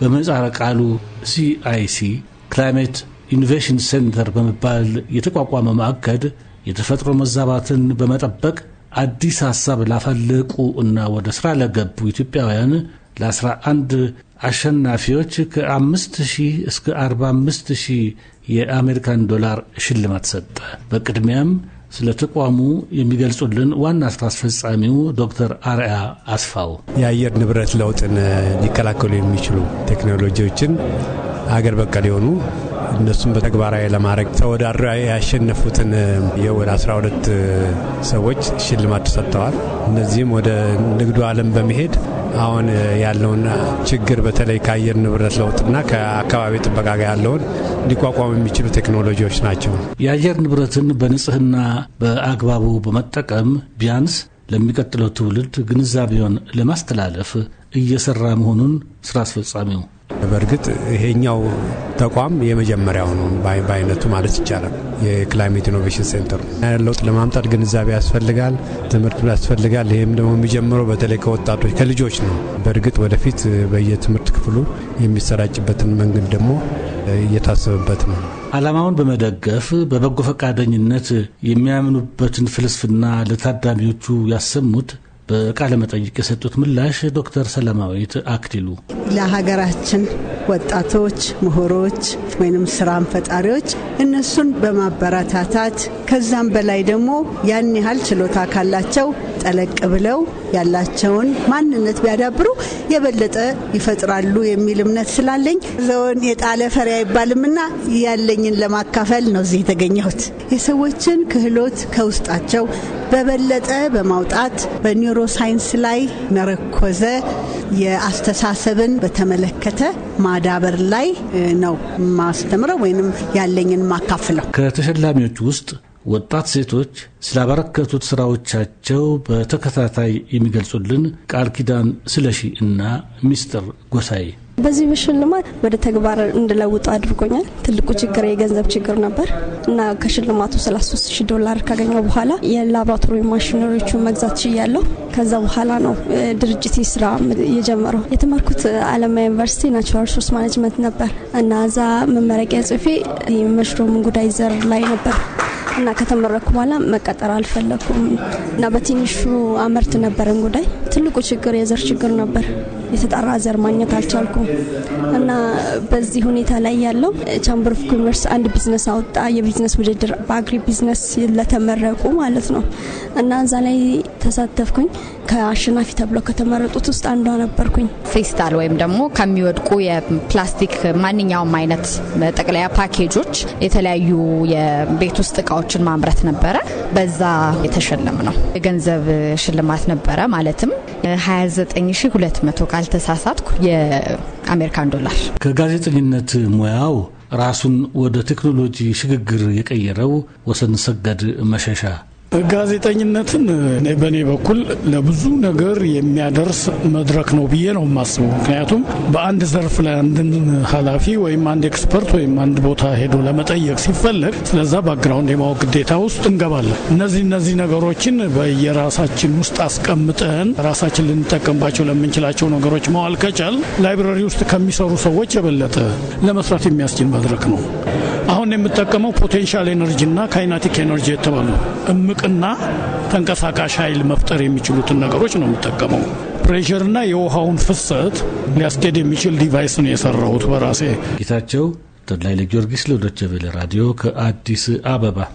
በምህጻረ ቃሉ ሲአይሲ ክላይሜት ኢኖቬሽን ሴንተር በመባል የተቋቋመ ማዕከል የተፈጥሮ መዛባትን በመጠበቅ አዲስ ሀሳብ ላፈለቁ እና ወደ ሥራ ለገቡ ኢትዮጵያውያን ለ11 አሸናፊዎች ከ5000 እስከ 45000 የአሜሪካን ዶላር ሽልማት ሰጠ። በቅድሚያም ስለ ተቋሙ የሚገልጹልን ዋና ስራ አስፈጻሚው ዶክተር አርያ አስፋው የአየር ንብረት ለውጥን ሊከላከሉ የሚችሉ ቴክኖሎጂዎችን አገር በቀል የሆኑ እነሱም በተግባራዊ ለማድረግ ተወዳድረው ያሸነፉትን የወደ 12 ሰዎች ሽልማት ተሰጥተዋል። እነዚህም ወደ ንግዱ ዓለም በመሄድ አሁን ያለውን ችግር በተለይ ከአየር ንብረት ለውጥና ከአካባቢ ጥበቃ ጋር ያለውን ሊቋቋሙ የሚችሉ ቴክኖሎጂዎች ናቸው። የአየር ንብረትን በንጽህና በአግባቡ በመጠቀም ቢያንስ ለሚቀጥለው ትውልድ ግንዛቤውን ለማስተላለፍ እየሰራ መሆኑን ስራ አስፈጻሚው በእርግጥ ይሄኛው ተቋም የመጀመሪያው ነው በአይነቱ ማለት ይቻላል። የክላይሜት ኢኖቬሽን ሴንተር ለውጥ ለማምጣት ግንዛቤ ያስፈልጋል፣ ትምህርት ያስፈልጋል። ይህም ደግሞ የሚጀምረው በተለይ ከወጣቶች ከልጆች ነው። በእርግጥ ወደፊት በየትምህርት ክፍሉ የሚሰራጭበትን መንገድ ደግሞ እየታሰበበት ነው። ዓላማውን በመደገፍ በበጎ ፈቃደኝነት የሚያምኑበትን ፍልስፍና ለታዳሚዎቹ ያሰሙት በቃለመጠይቅ የሰጡት ምላሽ ዶክተር ሰላማዊት አክሊሉ ለሀገራችን ወጣቶች፣ ምሁሮች ወይም ስራን ፈጣሪዎች እነሱን በማበረታታት ከዛም በላይ ደግሞ ያን ያህል ችሎታ ካላቸው ጠለቅ ብለው ያላቸውን ማንነት ቢያዳብሩ የበለጠ ይፈጥራሉ የሚል እምነት ስላለኝ ዘውን የጣለ ፈሪ አይባልምና ያለኝን ለማካፈል ነው እዚህ የተገኘሁት። የሰዎችን ክህሎት ከውስጣቸው በበለጠ በማውጣት በኒውሮሳይንስ ላይ መረኮዘ የአስተሳሰብን በተመለከተ ማዳበር ላይ ነው ማስተምረው ወይም ያለኝን ማካፍለው። ከተሸላሚዎች ውስጥ ወጣት ሴቶች ስላበረከቱት ስራዎቻቸው በተከታታይ የሚገልጹልን ቃል ኪዳን ስለሺ እና ሚስጥር ጎሳዬ በዚህ በሽልማት ወደ ተግባር እንድለውጥ አድርጎኛል። ትልቁ ችግር የገንዘብ ችግር ነበር እና ከሽልማቱ 33 ሺህ ዶላር ካገኘው በኋላ የላብራቶሪ ማሽነሪዎቹን መግዛት ችያለሁ። ከዛ በኋላ ነው ድርጅት ስራ የጀመረው። የተማርኩት አለማ ዩኒቨርሲቲ ናቹራል ሪሶርስ ማኔጅመንት ነበር እና እዛ መመረቂያ ጽፌ መሽሮም ጉዳይ ዘር ላይ ነበር እና ከተመረኩ በኋላ መቀጠር አልፈለኩም እና በትንሹ አመርት ነበረን ጉዳይ ትልቁ ችግር የዘር ችግር ነበር። የተጣራ ዘር ማግኘት አልቻልኩም እና በዚህ ሁኔታ ላይ ያለው ቻምበር ኦፍ ኮመርስ አንድ ቢዝነስ አወጣ። የቢዝነስ ውድድር በአግሪ ቢዝነስ ለተመረቁ ማለት ነው እና እዛ ላይ ተሳተፍኩኝ። ከአሸናፊ ተብለው ከተመረጡት ውስጥ አንዷ ነበርኩኝ። ፌስታል ወይም ደግሞ ከሚወድቁ የፕላስቲክ ማንኛውም አይነት ጠቅለያ ፓኬጆች የተለያዩ የቤት ውስጥ እቃዎችን ማምረት ነበረ። በዛ የተሸለም ነው የገንዘብ ሽልማት ነበረ ማለትም 29200 ካልተሳሳትኩ የአሜሪካን ዶላር። ከጋዜጠኝነት ሙያው ራሱን ወደ ቴክኖሎጂ ሽግግር የቀየረው ወሰን ሰገድ መሸሻ ጋዜጠኝነትን በእኔ በኩል ለብዙ ነገር የሚያደርስ መድረክ ነው ብዬ ነው የማስበው። ምክንያቱም በአንድ ዘርፍ ላይ አንድን ኃላፊ ወይም አንድ ኤክስፐርት ወይም አንድ ቦታ ሄዶ ለመጠየቅ ሲፈለግ ስለዛ ባግራውንድ የማወቅ ግዴታ ውስጥ እንገባለን። እነዚህ እነዚህ ነገሮችን በየራሳችን ውስጥ አስቀምጠን ራሳችን ልንጠቀምባቸው ለምንችላቸው ነገሮች መዋል ከቻል ላይብረሪ ውስጥ ከሚሰሩ ሰዎች የበለጠ ለመስራት የሚያስችል መድረክ ነው። አሁን የምጠቀመው ፖቴንሻል ኤነርጂና ካይናቲክ ኤነርጂ የተባሉ እምቅና ተንቀሳቃሽ ኃይል መፍጠር የሚችሉትን ነገሮች ነው የምጠቀመው። ፕሬሽርና የውሃውን ፍሰት ሊያስኬድ የሚችል ዲቫይስ ነው የሰራሁት በራሴ። ጌታቸው ተድላይ ለጊዮርጊስ ለዶቸቬለ ራዲዮ ከአዲስ አበባ